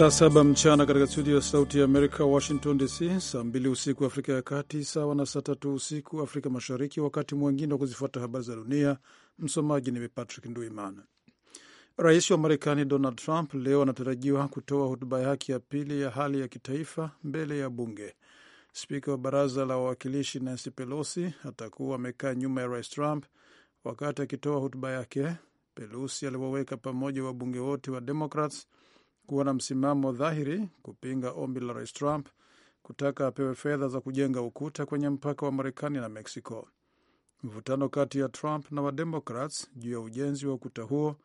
Saa saba mchana katika studio ya Sauti ya Amerika, Washington DC, saa mbili usiku Afrika ya Kati, sawa na saa tatu usiku Afrika Mashariki. Wakati mwingine wa kuzifuata habari za dunia, msomaji ni Patrick nduiman Rais wa Marekani Donald Trump leo anatarajiwa kutoa hotuba yake ya pili ya hali ya kitaifa mbele ya bunge. Spika wa baraza la wawakilishi Nancy Pelosi atakuwa amekaa nyuma ya rais Trump wakati akitoa hotuba yake. Pelosi aliwaweka pamoja wabunge wote wa Democrats kuwa na msimamo dhahiri kupinga ombi la rais Trump kutaka apewe fedha za kujenga ukuta kwenye mpaka wa Marekani na Mexico. Mvutano kati ya Trump na Wademokrats juu ya ujenzi wa ukuta huo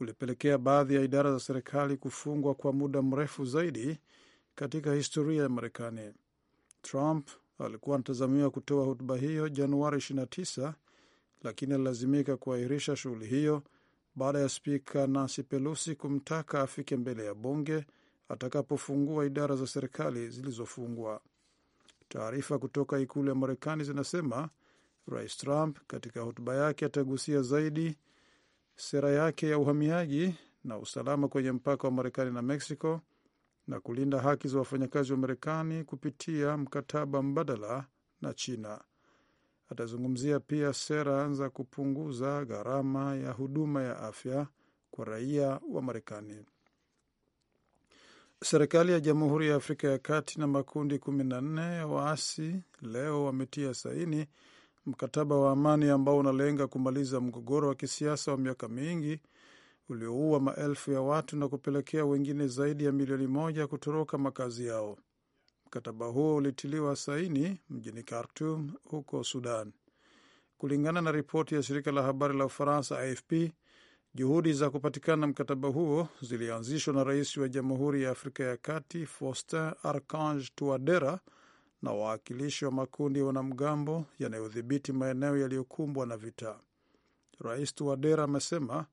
ulipelekea baadhi ya idara za serikali kufungwa kwa muda mrefu zaidi katika historia ya Marekani. Trump alikuwa anatazamiwa kutoa hotuba hiyo Januari 29 lakini alilazimika kuahirisha shughuli hiyo baada ya spika Nancy Pelosi kumtaka afike mbele ya bunge atakapofungua idara za serikali zilizofungwa. Taarifa kutoka ikulu ya Marekani zinasema Rais Trump katika hotuba yake atagusia zaidi sera yake ya uhamiaji na usalama kwenye mpaka wa Marekani na Mexico na kulinda haki za wafanyakazi wa Marekani kupitia mkataba mbadala na China. Atazungumzia pia sera za kupunguza gharama ya huduma ya afya kwa raia wa Marekani. Serikali ya Jamhuri ya Afrika ya Kati na makundi kumi na nne ya waasi leo wametia saini mkataba wa amani ambao unalenga kumaliza mgogoro wa kisiasa wa miaka mingi ulioua maelfu ya watu na kupelekea wengine zaidi ya milioni moja kutoroka makazi yao. Mkataba huo ulitiliwa saini mjini Khartum huko Sudan. Kulingana na ripoti ya shirika la habari la Ufaransa AFP, juhudi za kupatikana mkataba huo zilianzishwa na rais wa Jamhuri ya Afrika ya Kati Faustin Archange Touadera na wawakilishi wa makundi ya wanamgambo yanayodhibiti maeneo yaliyokumbwa na vita. Rais Touadera amesema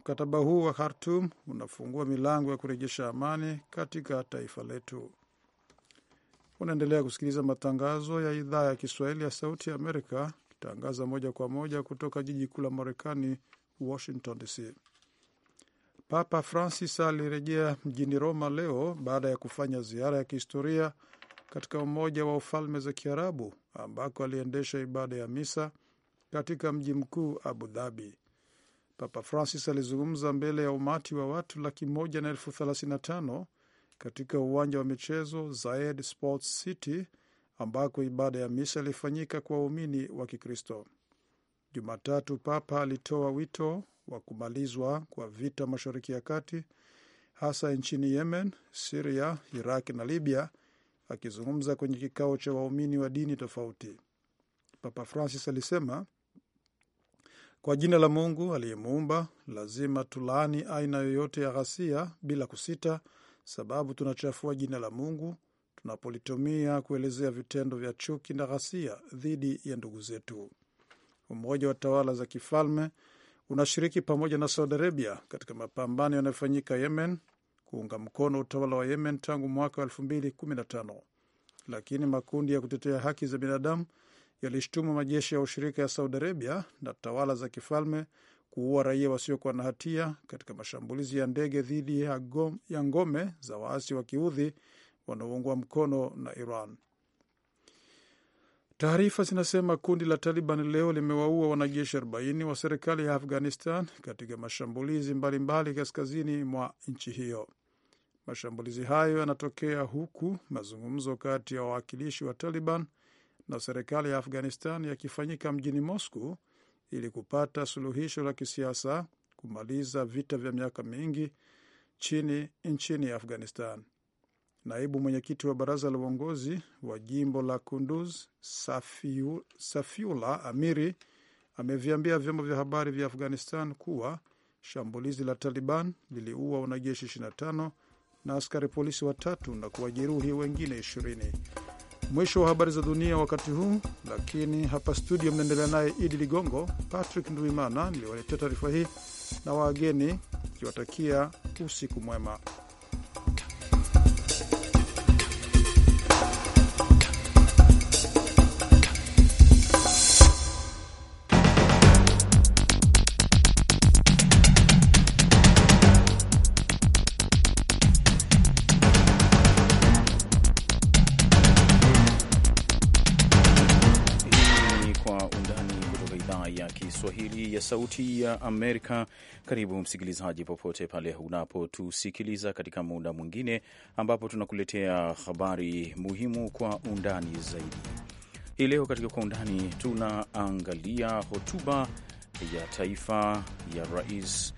mkataba huu wa Khartum unafungua milango ya kurejesha amani katika taifa letu. Unaendelea kusikiliza matangazo ya idhaa ya Kiswahili ya Sauti ya Amerika, ikitangaza moja kwa moja kutoka jiji kuu la Marekani, Washington DC. Papa Francis alirejea mjini Roma leo baada ya kufanya ziara ya kihistoria katika Umoja wa Ufalme za Kiarabu, ambako aliendesha ibada ya misa katika mji mkuu Abu Dhabi. Papa Francis alizungumza mbele ya umati wa watu laki moja na elfu thelathini na tano katika uwanja wa michezo Zayed Sports City ambako ibada ya misa ilifanyika kwa waumini wa Kikristo. Jumatatu Papa alitoa wito wa kumalizwa kwa vita Mashariki ya Kati, hasa nchini Yemen, Siria, Iraq na Libya, akizungumza kwenye kikao cha waumini wa dini tofauti. Papa Francis alisema, kwa jina la Mungu aliyemuumba lazima tulaani aina yoyote ya ghasia bila kusita sababu tunachafua jina la Mungu tunapolitumia kuelezea vitendo vya chuki na ghasia dhidi ya ndugu zetu. Umoja wa Tawala za Kifalme unashiriki pamoja na Saudi Arabia katika mapambano yanayofanyika Yemen kuunga mkono utawala wa Yemen tangu mwaka wa 2015 lakini makundi ya kutetea haki za binadamu yalishtumu majeshi ya ushirika ya Saudi Arabia na tawala za kifalme kuua raia wasiokuwa na hatia katika mashambulizi ya ndege dhidi ya ngome za waasi wa kiudhi wanaoungwa mkono na Iran. Taarifa zinasema kundi la Taliban leo limewaua wanajeshi 40 wa serikali ya Afghanistan katika mashambulizi mbalimbali mbali kaskazini mwa nchi hiyo. Mashambulizi hayo yanatokea huku mazungumzo kati ya wawakilishi wa Taliban na serikali ya Afghanistan yakifanyika mjini Moscow ili kupata suluhisho la kisiasa kumaliza vita vya miaka mingi chini nchini Afghanistan. Naibu mwenyekiti wa baraza la uongozi wa jimbo la Kunduz Safiu, Safiula Amiri ameviambia vyombo vya habari vya Afghanistan kuwa shambulizi la Taliban liliua wanajeshi 25 na askari polisi watatu na kuwajeruhi wengine 20. Mwisho wa habari za dunia wakati huu, lakini hapa studio mnaendelea naye Idi Ligongo. Patrick Nduimana niliwaletea taarifa hii na wageni, ikiwatakia usiku mwema. Sauti ya Amerika. Karibu msikilizaji, popote pale unapotusikiliza katika muda mwingine ambapo tunakuletea habari muhimu kwa undani zaidi. Hii leo katika kwa undani tunaangalia hotuba ya taifa ya Rais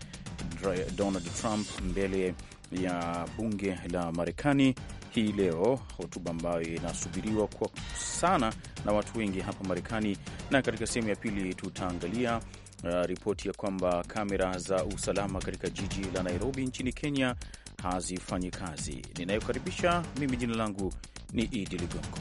Donald Trump mbele ya bunge la Marekani hii leo, hotuba ambayo inasubiriwa kwa sana na watu wengi hapa Marekani, na katika sehemu ya pili tutaangalia Uh, ripoti ya kwamba kamera za usalama katika jiji la Nairobi nchini Kenya hazifanyi kazi. Ninayokaribisha mimi, jina langu ni Idi Ligongo.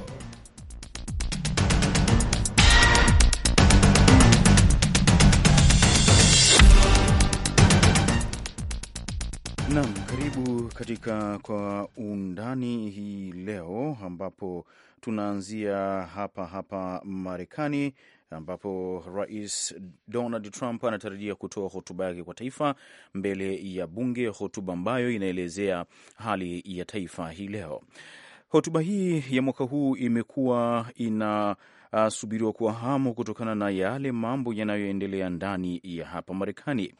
nam karibu katika Kwa Undani hii leo, ambapo tunaanzia hapa hapa Marekani ambapo Rais Donald Trump anatarajia kutoa hotuba yake kwa taifa mbele ya bunge, hotuba ambayo inaelezea hali ya taifa hii leo. Hotuba hii ya mwaka huu imekuwa ina Uh, subiriwa kwa hamu kutokana na yale mambo yanayoendelea ndani ya hapa Marekani.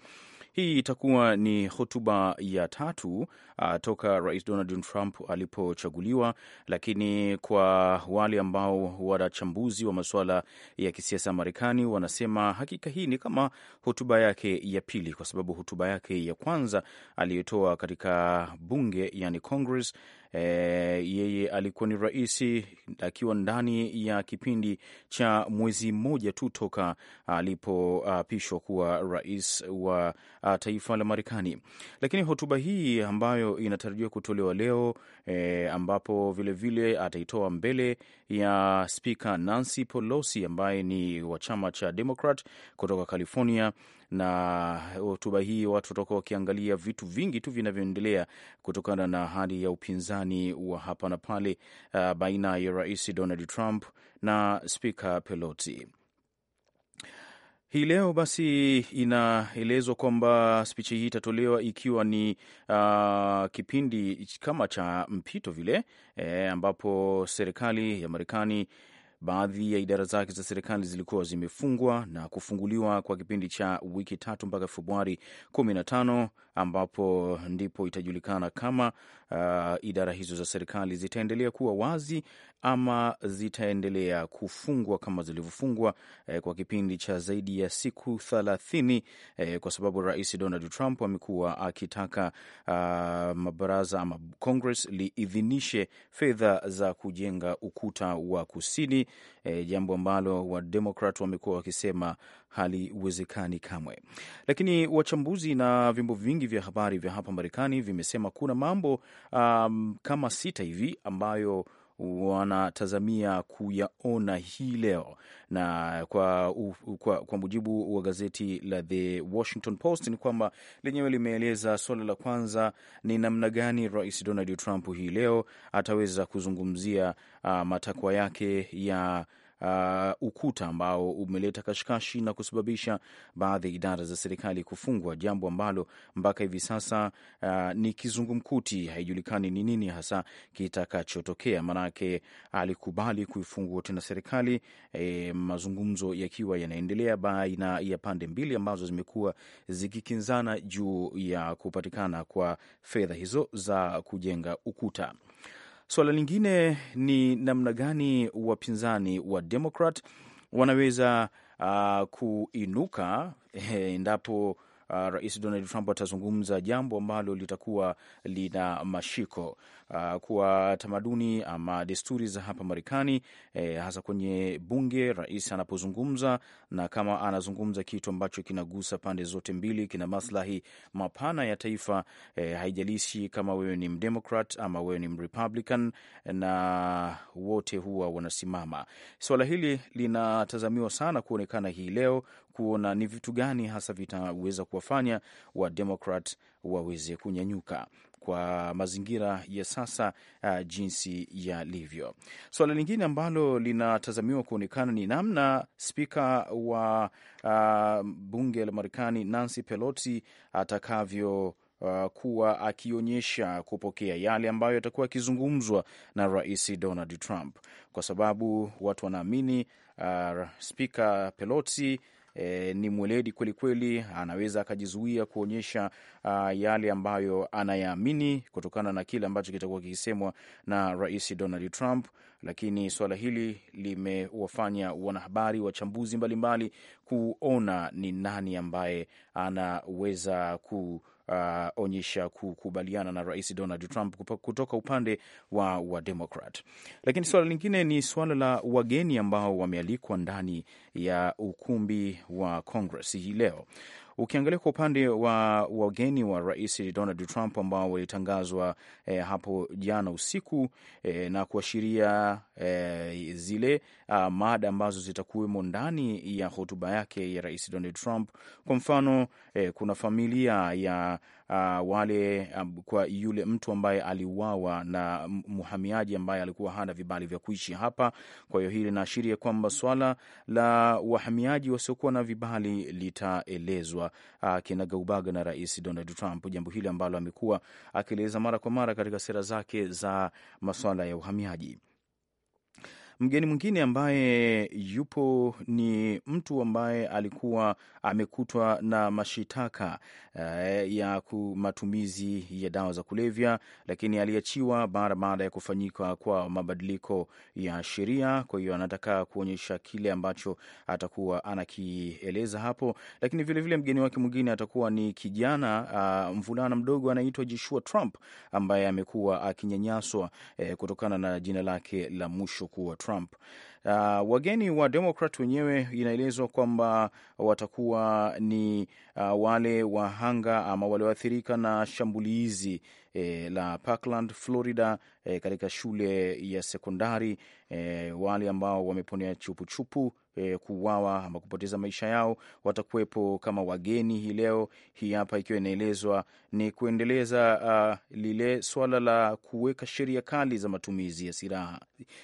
Hii itakuwa ni hotuba ya tatu a, ah, toka Rais Donald Trump alipochaguliwa, lakini kwa wale ambao wachambuzi wa masuala ya kisiasa Marekani wanasema hakika hii ni kama hotuba yake ya pili, kwa sababu hotuba yake ya kwanza aliyotoa katika bunge, yani Congress E, yeye alikuwa ni rais akiwa ndani ya kipindi cha mwezi mmoja tu toka alipoapishwa kuwa rais wa taifa la Marekani. Lakini hotuba hii ambayo inatarajiwa kutolewa leo e, ambapo vilevile ataitoa mbele ya spika Nancy Pelosi ambaye ni wa chama cha Democrat kutoka California na hotuba hii watu watakuwa wakiangalia vitu vingi tu vinavyoendelea kutokana na hali ya upinzani wa hapa na pale, uh, baina ya Rais Donald Trump na Spika Pelosi. Hii leo basi inaelezwa kwamba spichi hii itatolewa ikiwa ni uh, kipindi kama cha mpito vile, e, ambapo serikali ya Marekani Baadhi ya idara zake za serikali zilikuwa zimefungwa na kufunguliwa kwa kipindi cha wiki tatu mpaka Februari 15 ambapo ndipo itajulikana kama uh, idara hizo za serikali zitaendelea kuwa wazi ama zitaendelea kufungwa kama zilivyofungwa eh, kwa kipindi cha zaidi ya siku thelathini eh, kwa sababu Rais Donald Trump amekuwa akitaka uh, mabaraza ama Congress liidhinishe fedha za kujenga ukuta wa kusini eh, jambo ambalo Wademokrat wamekuwa wakisema haliwezekani kamwe. Lakini wachambuzi na vyombo vingi vya habari vya hapa Marekani vimesema kuna mambo um, kama sita hivi ambayo wanatazamia kuyaona hii leo, na kwa, u, kwa, kwa mujibu wa gazeti la The Washington Post ni kwamba lenyewe limeeleza suala la kwanza ni namna gani Rais Donald Trump hii leo ataweza kuzungumzia uh, matakwa yake ya uh, ukuta ambao umeleta kashikashi na kusababisha baadhi ya idara za serikali kufungwa, jambo ambalo mpaka hivi sasa uh, ni kizungumkuti. Haijulikani ni nini hasa kitakachotokea, maanake alikubali kuifungua tena serikali e, mazungumzo yakiwa yanaendelea baina ya pande mbili ambazo zimekuwa zikikinzana juu ya kupatikana kwa fedha hizo za kujenga ukuta. Suala lingine ni namna gani wapinzani wa demokrat wanaweza uh, kuinuka eh, endapo uh, Rais Donald Trump atazungumza jambo ambalo litakuwa lina mashiko uh, kwa tamaduni ama desturi za hapa Marekani eh, hasa kwenye bunge rais anapozungumza, na kama anazungumza kitu ambacho kinagusa pande zote mbili, kina maslahi mapana ya taifa eh, haijalishi kama wewe ni mdemokrat ama wewe ni mrepublican, na wote huwa wanasimama. Swala hili linatazamiwa sana kuonekana hii leo kuona ni vitu gani hasa vitaweza kuwafanya Wademokrat waweze kunyanyuka kwa mazingira ya sasa uh, jinsi yalivyo. Suala so, lingine ambalo linatazamiwa kuonekana ni namna spika wa uh, bunge la Marekani Nancy Pelosi atakavyo Uh, kuwa akionyesha kupokea yale ambayo yatakuwa akizungumzwa na Rais Donald Trump, kwa sababu watu wanaamini uh, Spika Pelosi e, ni mweledi kwelikweli, anaweza akajizuia kuonyesha a, yale ambayo anayaamini kutokana na kile ambacho kitakuwa kikisemwa na Rais Donald Trump. Lakini suala hili limewafanya wanahabari, wachambuzi mbalimbali kuona ni nani ambaye anaweza ku uh, onyesha kukubaliana na Rais Donald Trump kutoka upande wa Wademokrat. Lakini suala lingine ni suala la wageni ambao wamealikwa ndani ya ukumbi wa Congress hii leo. Ukiangalia kwa upande wa wageni wa rais Donald Trump ambao walitangazwa eh, hapo jana usiku eh, na kuashiria eh, zile uh, mada ambazo zitakuwemo ndani ya hotuba yake ya Rais Donald Trump. Kwa mfano eh, kuna familia ya uh, wale um, kwa yule mtu ambaye aliuawa na mhamiaji ambaye alikuwa hana vibali vya kuishi hapa. Kwa hiyo hii linaashiria kwamba swala la wahamiaji wasiokuwa na vibali litaelezwa uh, kinagaubaga na Rais Donald Trump, jambo hili ambalo amekuwa akieleza mara kwa mara katika sera zake za masuala ya uhamiaji. Mgeni mwingine ambaye yupo ni mtu ambaye alikuwa amekutwa na mashitaka eh, ya matumizi ya dawa za kulevya, lakini aliachiwa mara baada ya kufanyika kwa mabadiliko ya sheria. Kwa hiyo anataka kuonyesha kile ambacho atakuwa anakieleza hapo, lakini vilevile vile mgeni wake mwingine atakuwa ni kijana uh, mvulana mdogo anaitwa Joshua Trump ambaye amekuwa akinyanyaswa eh, kutokana na jina lake la mwisho kuwa Trump. Uh, wageni wa Demokrat wenyewe inaelezwa kwamba watakuwa ni uh, wale wahanga ama walioathirika na shambulizi eh, la Parkland, Florida e, katika shule ya sekondari e, wale ambao wameponea chupuchupu e, kuuawa ama kupoteza maisha yao watakuwepo kama wageni hii leo hii hapa, ikiwa inaelezwa ni kuendeleza uh, lile swala la kuweka sheria kali za matumizi ya silaha,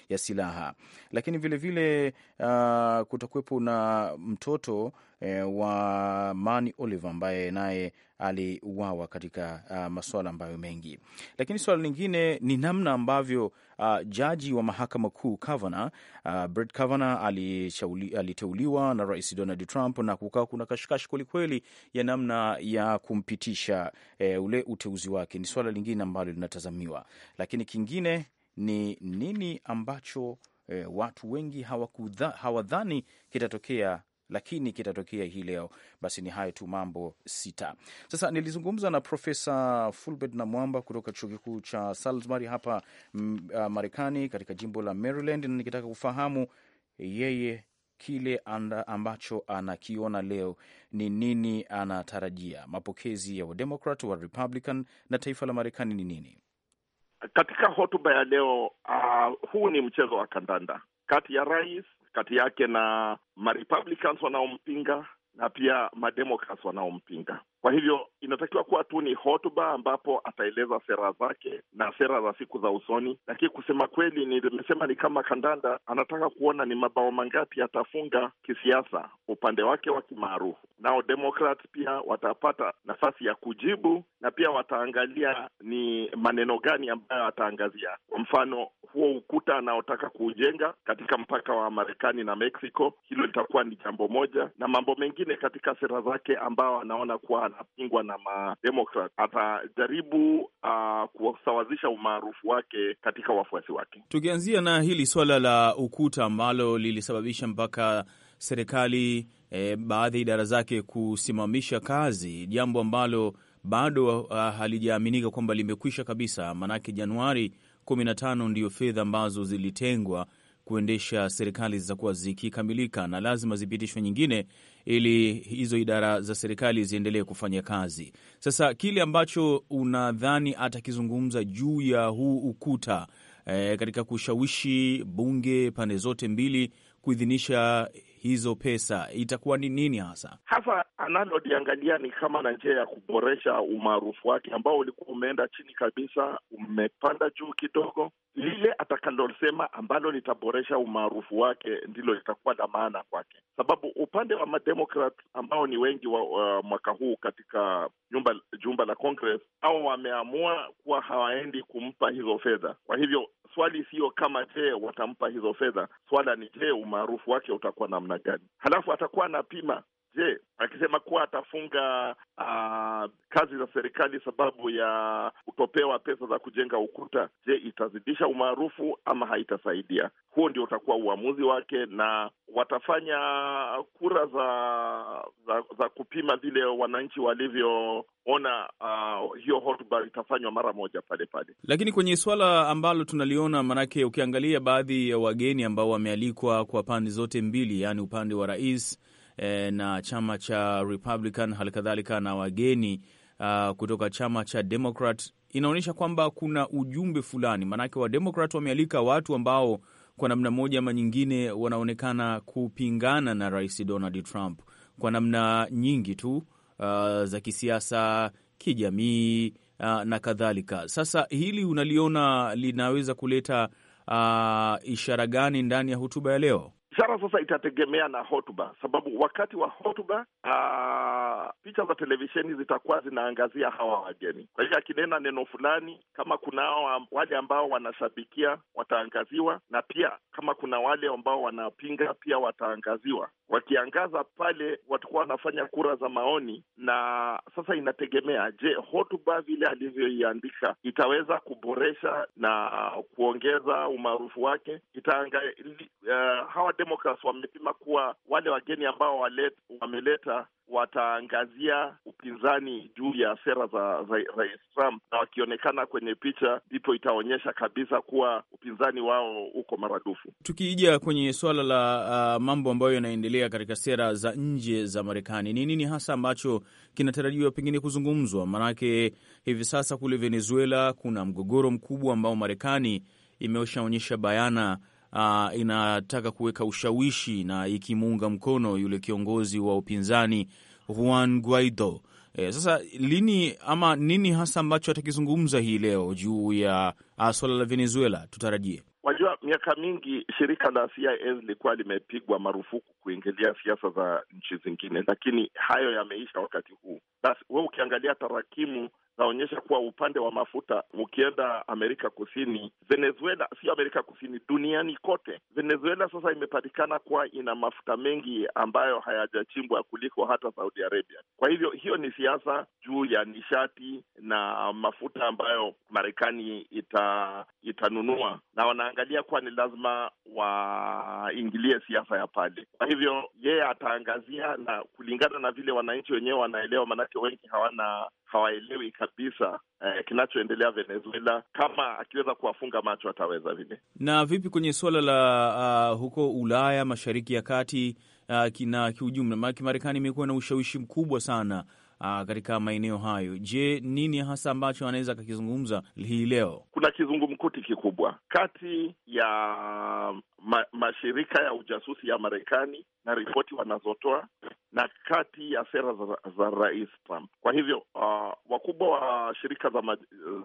ya silaha. Lakini vilevile vile, uh, kutakuwepo na mtoto eh, wa Mani Oliver ambaye naye aliuawa katika uh, ah, masuala ambayo mengi, lakini swala lingine ni namna namna ambavyo uh, jaji wa mahakama kuu Kavana uh, Brett Kavana aliteuliwa na Rais Donald Trump na kukaa kuna kashikashi kwelikweli ya namna ya kumpitisha eh, ule uteuzi wake, ni swala lingine ambalo linatazamiwa, lakini kingine ni nini ambacho eh, watu wengi hawadhani kitatokea lakini kitatokea hii leo. Basi ni hayo tu mambo sita. Sasa nilizungumza na Profesa Fulbert na Mwamba kutoka chuo kikuu cha Salisbury hapa mm, uh, Marekani, katika jimbo la Maryland, na nikitaka kufahamu yeye kile anda ambacho anakiona leo ni nini, anatarajia mapokezi ya Wademokrat wa Republican na taifa la Marekani ni nini katika hotuba ya leo. Uh, huu ni mchezo wa kandanda kati ya rais kati yake na marepublicans wanaompinga na pia mademokrat wanaompinga. Kwa hivyo inatakiwa kuwa tu ni hotuba ambapo ataeleza sera zake na sera za siku za usoni, lakini kusema kweli, nimesema ni kama kandanda, anataka kuona ni mabao mangapi atafunga kisiasa upande wake wa kimaarufu. Nao Demokrat pia watapata nafasi ya kujibu, na pia wataangalia ni maneno gani ambayo ataangazia. Kwa mfano, huo ukuta anaotaka kuujenga katika mpaka wa Marekani na Mexico, hilo litakuwa ni jambo moja, na mambo mengine katika sera zake ambayo anaona kuwa anapingwa na mademokrat atajaribu uh, ah, kusawazisha umaarufu wake katika wafuasi wake. Tukianzia na hili swala la ukuta ambalo lilisababisha mpaka serikali eh, baadhi ya idara zake kusimamisha kazi, jambo ambalo bado uh, halijaaminika kwamba limekwisha kabisa, maanake Januari kumi na tano ndiyo fedha ambazo zilitengwa kuendesha serikali zitakuwa zikikamilika na lazima zipitishwe nyingine ili hizo idara za serikali ziendelee kufanya kazi. Sasa kile ambacho unadhani atakizungumza juu ya huu ukuta e, katika kushawishi bunge pande zote mbili kuidhinisha hizo pesa itakuwa ni nini hasa? Hasa analoliangalia ni kama na njia ya kuboresha umaarufu wake ambao ulikuwa umeenda chini kabisa, umepanda juu kidogo. Lile atakalosema ambalo litaboresha umaarufu wake ndilo litakuwa na maana kwake, sababu upande wa mademokrat ambao ni wengi wa uh, mwaka huu katika nyumba, jumba la Congress au wameamua kuwa hawaendi kumpa hizo fedha, kwa hivyo swali siyo kama je, watampa hizo fedha. Swala ni je, umaarufu wake utakuwa namna gani? Halafu atakuwa anapima Je, akisema kuwa atafunga uh, kazi za serikali sababu ya kutopewa pesa za kujenga ukuta, je, itazidisha umaarufu ama haitasaidia? Huo ndio utakuwa uamuzi wake, na watafanya kura za za, za kupima vile wananchi walivyoona uh, hiyo hotuba itafanywa mara moja pale pale. Lakini kwenye suala ambalo tunaliona, maanake ukiangalia baadhi ya wageni ambao wamealikwa kwa pande zote mbili, yaani upande wa rais Eh, na chama cha Republican, halikadhalika na wageni uh, kutoka chama cha Democrat, inaonyesha kwamba kuna ujumbe fulani, maanake wademokrat wamealika watu ambao kwa namna moja ama nyingine wanaonekana kupingana na Rais Donald Trump kwa namna nyingi tu uh, za kisiasa, kijamii uh, na kadhalika. Sasa hili unaliona linaweza kuleta uh, ishara gani ndani ya hotuba ya leo? Picha sasa itategemea na hotuba, sababu wakati wa hotuba ah, picha za televisheni zitakuwa zinaangazia hawa wageni. Kwa hiyo akinena neno fulani, kama kunao wale ambao wanashabikia wataangaziwa, na pia kama kuna wale ambao wanapinga pia wataangaziwa wakiangaza pale watakuwa wanafanya kura za maoni, na sasa inategemea, je, hotuba vile alivyoiandika itaweza kuboresha na kuongeza umaarufu wake itaanga. Uh, hawa Democrats wamepima kuwa wale wageni ambao wameleta wataangazia upinzani juu ya sera za Rais Trump, na wakionekana kwenye picha, ndipo itaonyesha kabisa kuwa upinzani wao uko maradufu. Tukija kwenye suala la uh, mambo ambayo yanaendelea katika sera za nje za Marekani, ni nini hasa ambacho kinatarajiwa pengine kuzungumzwa? Maanake hivi sasa kule Venezuela kuna mgogoro mkubwa ambao Marekani imeshaonyesha bayana uh, inataka kuweka ushawishi na ikimuunga mkono yule kiongozi wa upinzani Juan Guaido. E, sasa lini ama nini hasa ambacho atakizungumza hii leo juu ya uh, swala la Venezuela tutarajie? Wajua, miaka mingi shirika la CIA lilikuwa limepigwa marufuku kuingilia siasa za nchi zingine, lakini hayo yameisha wakati huu. Basi we ukiangalia tarakimu naonyesha kuwa upande wa mafuta, ukienda Amerika Kusini, Venezuela, sio Amerika Kusini, duniani kote, Venezuela sasa imepatikana kuwa ina mafuta mengi ambayo hayajachimbwa kuliko hata Saudi Arabia. Kwa hivyo hiyo ni siasa juu ya nishati na mafuta ambayo Marekani ita, itanunua na wanaangalia kuwa ni lazima waingilie siasa ya pale. Kwa hivyo yeye ataangazia na kulingana na vile wananchi wenyewe wanaelewa, maanake wengi hawana hawaelewi kabisa eh, kinachoendelea Venezuela. Kama akiweza kuwafunga macho ataweza vile. Na vipi kwenye suala la uh, huko Ulaya, mashariki ya kati uh, ah, na kiujumla, maanake Marekani imekuwa na ushawishi mkubwa sana uh, katika maeneo hayo. Je, nini hasa ambacho anaweza akakizungumza hii leo? Kuna kizungumkuti kikubwa kati ya ma, mashirika ya ujasusi ya Marekani na ripoti wanazotoa na kati ya sera za, za Rais Trump. Kwa hivyo uh, wakubwa wa shirika za, ma,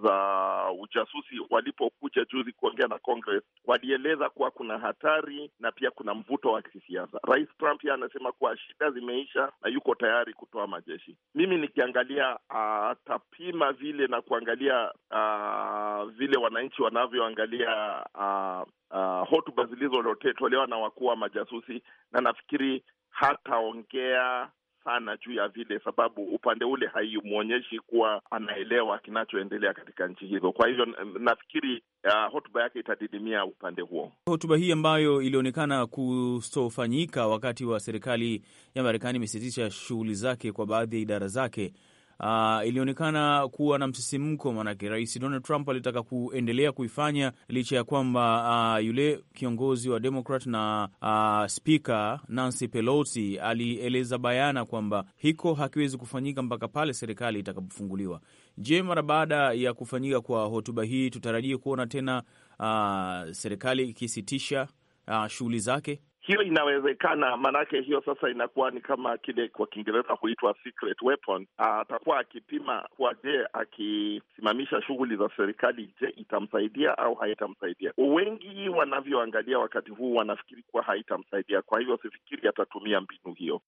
za ujasusi walipokuja juzi kuongea na Congress walieleza kuwa kuna hatari na pia kuna mvuto wa kisiasa. Rais Trump pia anasema kuwa shida zimeisha na yuko tayari kutoa majeshi. Mimi nikiangalia uh, atapima uh, vile na kuangalia uh, vile wananchi wanavyoangalia uh, uh, hotuba zilizotolewa na wakuu wa majasusi, na nafikiri hataongea sana juu ya vile, sababu upande ule haimwonyeshi kuwa anaelewa kinachoendelea katika nchi hizo. Kwa hivyo nafikiri uh, hotuba yake itadidimia upande huo. Hotuba hii ambayo ilionekana kutofanyika wakati wa serikali ya Marekani imesitisha shughuli zake kwa baadhi ya idara zake uh, ilionekana kuwa na msisimko, maanake Rais Donald Trump alitaka kuendelea kuifanya licha ya kwamba uh, yule kiongozi wa Demokrat na uh, ah, spika Nancy Pelosi alieleza bayana kwamba hiko hakiwezi kufanyika mpaka pale serikali itakapofunguliwa. Je, mara baada ya kufanyika kwa hotuba hii tutarajie kuona tena uh, serikali ikisitisha uh, shughuli zake? hiyo inawezekana, maanake hiyo sasa inakuwa ni kama kile kwa Kiingereza huitwa secret weapon. Ah, atakuwa akipima kuwa, je, akisimamisha shughuli za serikali, je, itamsaidia au haitamsaidia? Wengi wanavyoangalia wakati huu wanafikiri kuwa haitamsaidia, kwa hivyo sifikiri atatumia mbinu hiyo.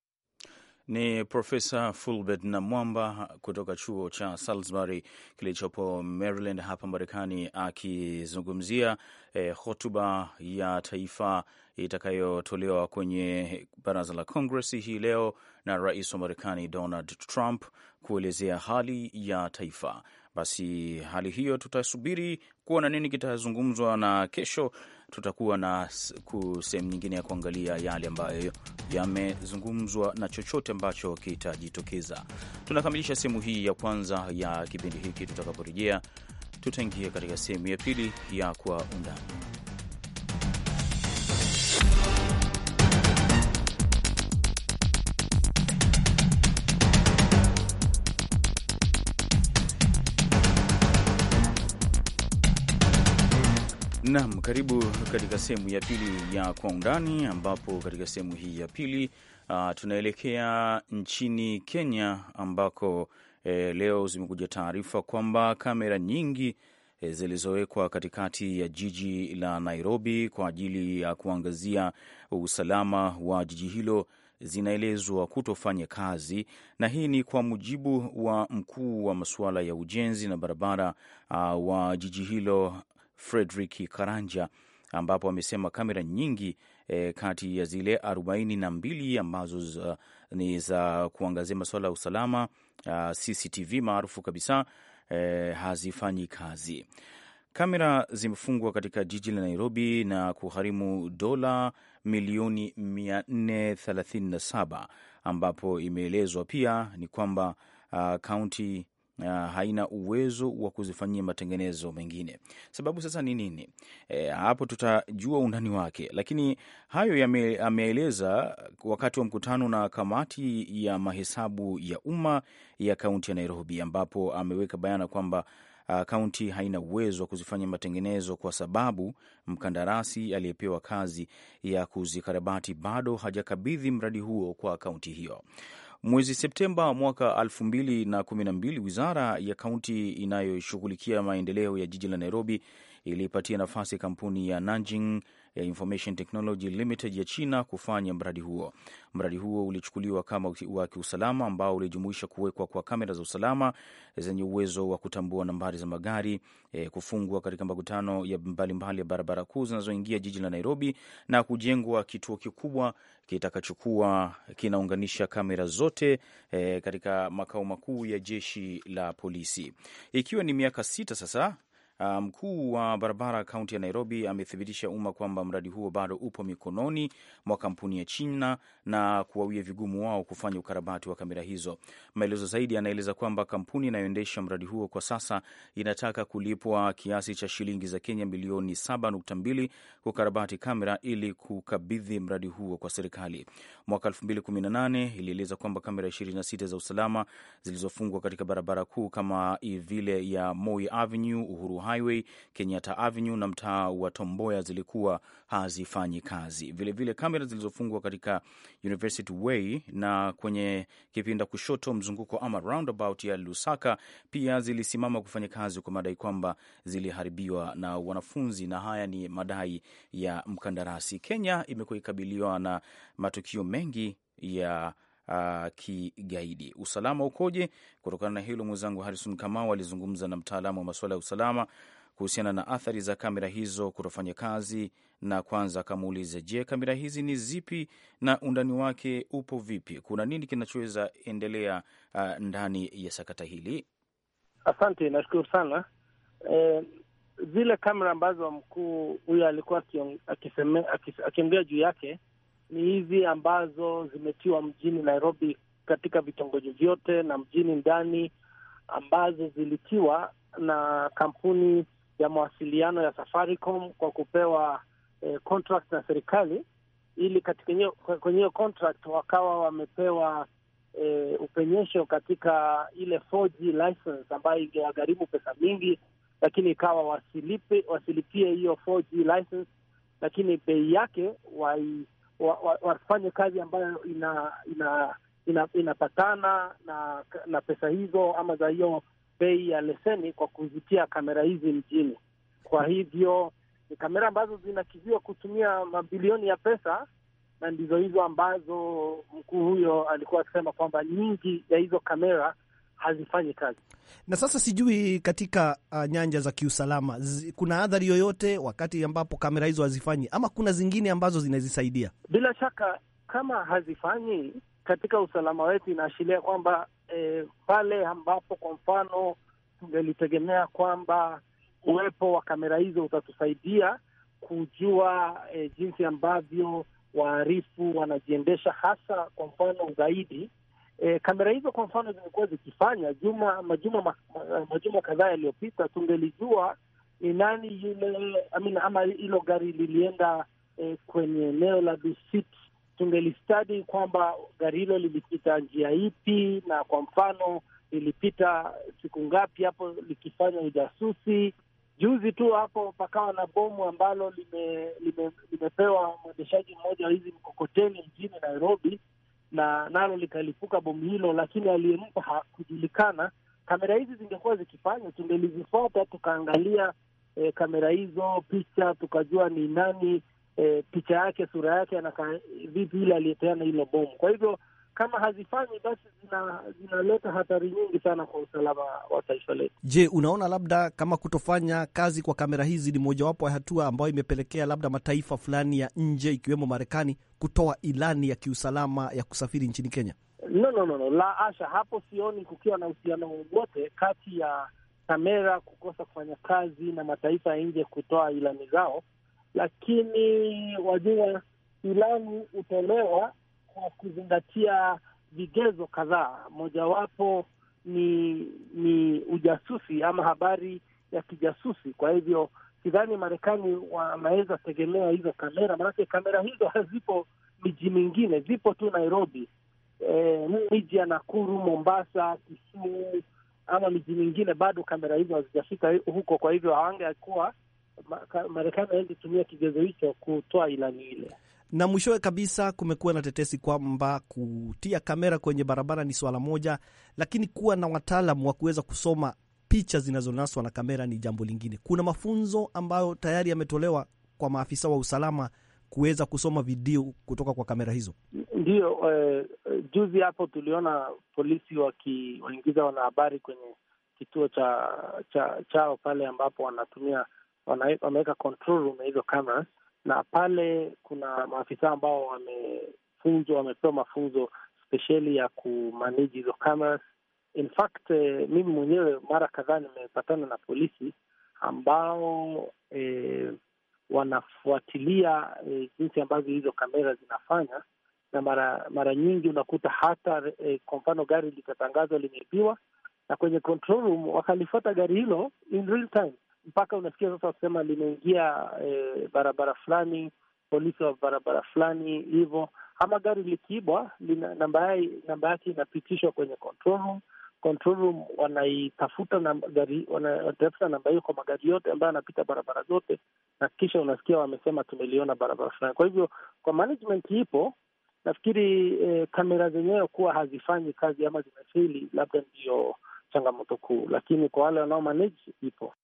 Ni Profesa Fulbert mwamba kutoka chuo cha Salisbury kilichopo Maryland hapa Marekani, akizungumzia eh, hotuba ya taifa itakayotolewa kwenye baraza la Congress hii leo na rais wa Marekani Donald Trump kuelezea hali ya taifa. Basi hali hiyo tutasubiri kuona nini kitazungumzwa, na kesho tutakuwa na sehemu nyingine ya kuangalia yale ambayo yamezungumzwa na chochote ambacho kitajitokeza. Tunakamilisha sehemu hii ya kwanza ya kipindi hiki. Tutakaporejea tutaingia katika sehemu ya pili ya Kwa Undani. Nam, karibu katika sehemu ya pili ya Kwa Undani, ambapo katika sehemu hii ya pili uh, tunaelekea nchini Kenya ambako eh, leo zimekuja taarifa kwamba kamera nyingi eh, zilizowekwa katikati ya jiji la Nairobi kwa ajili ya kuangazia usalama wa jiji hilo zinaelezwa kutofanya kazi, na hii ni kwa mujibu wa mkuu wa masuala ya ujenzi na barabara uh, wa jiji hilo Frederick Karanja ambapo amesema kamera nyingi e, kati ya zile arobaini na mbili ambazo ni za kuangazia masuala ya usalama a, ah, CCTV maarufu kabisa e, hazifanyi kazi. Kamera zimefungwa katika jiji la Nairobi na kugharimu dola milioni 437, ambapo imeelezwa pia ni kwamba ah, kaunti uh, haina uwezo wa kuzifanyia matengenezo mengine. Sababu sasa ni nini? E, hapo tutajua undani wake, lakini hayo yameeleza wakati wa mkutano na kamati ya mahesabu ya umma ya kaunti ya Nairobi, ambapo ameweka bayana kwamba kaunti haina uwezo wa kuzifanya matengenezo kwa sababu mkandarasi aliyepewa kazi ya kuzikarabati bado hajakabidhi mradi huo kwa kaunti hiyo. Mwezi Septemba mwaka 2012 wizara ya kaunti inayoshughulikia maendeleo ya jiji la Nairobi iliipatia nafasi kampuni ya Nanjing ya Information Technology Limited ya China kufanya mradi huo. Mradi huo ulichukuliwa kama wa kiusalama ambao ulijumuisha kuwekwa kwa kamera za usalama eh, zenye uwezo wa kutambua nambari za magari, e, kufungwa katika makutano ya mbalimbali ya barabara kuu zinazoingia jiji la Nairobi na kujengwa kituo kikubwa kitakachokuwa kinaunganisha kamera zote e, katika makao makuu ya jeshi la polisi, ikiwa ni miaka sita sasa Uh, mkuu um, wa barabara kaunti ya Nairobi amethibitisha umma kwamba mradi huo bado upo mikononi mwa kampuni ya China na kuwawia vigumu wao kufanya ukarabati wa kamera hizo. Maelezo zaidi anaeleza kwamba kampuni inayoendesha mradi huo kwa sasa inataka kulipwa kiasi cha shilingi za Kenya milioni 7.2 kukarabati kamera ili kukabidhi mradi huo kwa serikali. Mwaka 2018 ilieleza kwamba kamera 26 za usalama zilizofungwa katika barabara kuu kama vile ya Moi Avenue, Uhuru Highway, Kenyatta Avenue na mtaa wa Tomboya zilikuwa hazifanyi kazi. Vilevile kamera zilizofungwa katika University Way na kwenye kipinda kushoto mzunguko ama roundabout ya Lusaka pia zilisimama kufanya kazi kwa madai kwamba ziliharibiwa na wanafunzi, na haya ni madai ya mkandarasi. Kenya imekuwa ikabiliwa na matukio mengi ya uh, kigaidi. Usalama ukoje? Kutokana na hilo, mwenzangu Harrison Kamau alizungumza na mtaalamu wa masuala ya usalama kuhusiana na athari za kamera hizo kutofanya kazi, na kwanza akamuuliza, je, kamera hizi ni zipi na undani wake upo vipi? Kuna nini kinachoweza endelea uh, ndani ya sakata hili? Asante, nashukuru sana e, zile kamera ambazo mkuu huyo alikuwa akiongea juu yake ni hizi ambazo zimetiwa mjini Nairobi katika vitongoji vyote na mjini ndani, ambazo zilitiwa na kampuni ya mawasiliano ya Safaricom kwa kupewa eh, contract na serikali, ili katika kwenye hiyo contract wakawa wamepewa eh, upenyesho katika ile 4G license ambayo ingewagharimu pesa mingi, lakini ikawa wasilipe wasilipie hiyo 4G license, lakini bei yake wai wafanye wa, kazi ambayo ina ina inapatana na na pesa hizo ama za hiyo bei ya leseni kwa kuzitia kamera hizi mjini. Kwa hivyo ni kamera ambazo zinakiziwa kutumia mabilioni ya pesa, na ndizo hizo ambazo mkuu huyo alikuwa akisema kwamba nyingi ya hizo kamera hazifanyi kazi. Na sasa sijui katika uh, nyanja za kiusalama Z, kuna adhari yoyote wakati ambapo kamera hizo hazifanyi ama kuna zingine ambazo zinazisaidia? Bila shaka kama hazifanyi katika usalama wetu inaashiria kwamba eh, pale ambapo kwa mfano tungelitegemea kwamba uwepo wa kamera hizo utatusaidia kujua eh, jinsi ambavyo waarifu wanajiendesha hasa kwa mfano ugaidi E, kamera hizo kwa mfano zimekuwa zikifanya juma majuma majuma kadhaa yaliyopita, tungelijua ni nani yule amina, ama hilo gari lilienda e, kwenye eneo la Dusit, tungelistadi kwamba gari hilo lilipita njia ipi, na kwa mfano lilipita siku ngapi hapo likifanya ujasusi. Juzi tu hapo pakawa na bomu ambalo lime, lime, limepewa mwendeshaji mmoja wa hizi mkokoteni mjini Nairobi na nalo likalipuka bomu hilo, lakini aliyempa hakujulikana. Kamera hizi zingekuwa zikifanya, tungelizifuata tukaangalia e, kamera hizo picha, tukajua ni nani e, picha yake, sura yake anakaa vipi, yule aliyepeana hilo bomu. Kwa hivyo kama hazifanyi basi zinaleta zina hatari nyingi sana kwa usalama wa taifa letu. Je, unaona labda kama kutofanya kazi kwa kamera hizi ni mojawapo ya hatua ambayo imepelekea labda mataifa fulani ya nje ikiwemo Marekani kutoa ilani ya kiusalama ya kusafiri nchini Kenya? No, no, no, no. La asha, hapo sioni kukiwa na uhusiano wowote kati ya kamera kukosa kufanya kazi na mataifa ya nje kutoa ilani zao, lakini wajua ilani hutolewa kwa kuzingatia vigezo kadhaa, mojawapo ni ni ujasusi ama habari ya kijasusi. Kwa hivyo sidhani Marekani wanaweza tegemea hizo kamera, maanake kamera hizo hazipo miji mingine, zipo tu Nairobi, e, miji ya Nakuru, Mombasa, Kisumu ama miji mingine, bado kamera hizo hazijafika huko. Kwa hivyo awange kuwa Marekani hawezi tumia kigezo hicho kutoa ilani ile na mwishowe kabisa kumekuwa na tetesi kwamba kutia kamera kwenye barabara ni swala moja, lakini kuwa na wataalam wa kuweza kusoma picha zinazonaswa na kamera ni jambo lingine. Kuna mafunzo ambayo tayari yametolewa kwa maafisa wa usalama kuweza kusoma video kutoka kwa kamera hizo. Ndiyo, eh, juzi hapo tuliona polisi wakiwaingiza wanahabari kwenye kituo cha, cha chao pale ambapo wanatumia wameweka control room hizo cameras na pale kuna maafisa ambao wamefunzwa, wamepewa mafunzo spesheli ya kumanage hizo cameras. In fact, eh, mimi mwenyewe mara kadhaa nimepatana na polisi ambao eh, wanafuatilia eh, jinsi ambavyo hizo kamera zinafanya, na mara mara nyingi unakuta hata eh, kwa mfano gari litatangazwa limeibiwa, na kwenye control room wakalifuata gari hilo in real time mpaka unasikia sasa wakisema limeingia e, barabara fulani, polisi wa barabara fulani hivyo, ama gari likiibwa, namba namba yake inapitishwa kwenye control room. Control room wanaitafuta wanatafuta namba hiyo kwa magari yote ambayo yanapita barabara zote, na kisha unasikia wamesema tumeliona barabara fulani. Kwa hivyo kwa management ipo nafikiri e, kamera zenyewe kuwa hazifanyi kazi ama zimefeli, labda ndiyo changamoto kuu, lakini kwa wale wanaomanage ipo.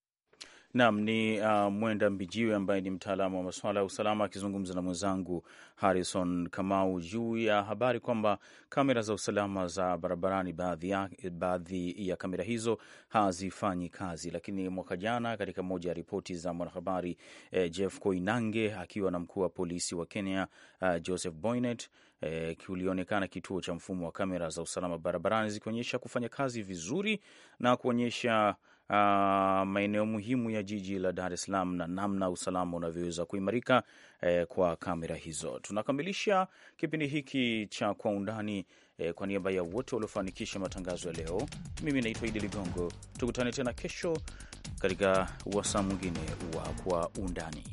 Naam, ni uh, Mwenda Mbijiwe ambaye ni mtaalamu wa masuala ya usalama akizungumza na mwenzangu Harrison Kamau juu ya habari kwamba kamera za usalama za barabarani, baadhi ya, baadhi ya kamera hizo hazifanyi kazi. Lakini mwaka jana katika moja ya ripoti za mwanahabari eh, Jeff Koinange akiwa na mkuu wa polisi wa Kenya uh, Joseph Boynet E, kulionekana kituo cha mfumo wa kamera za usalama barabarani zikionyesha kufanya kazi vizuri na kuonyesha uh, maeneo muhimu ya jiji la Dar es Salaam na namna usalama unavyoweza kuimarika eh, kwa kamera hizo. Tunakamilisha kipindi hiki cha Kwa Undani eh, kwa niaba ya wote waliofanikisha matangazo ya leo, mimi naitwa Idi Ligongo. Tukutane tena kesho katika wasaa mwingine wa Kwa Undani.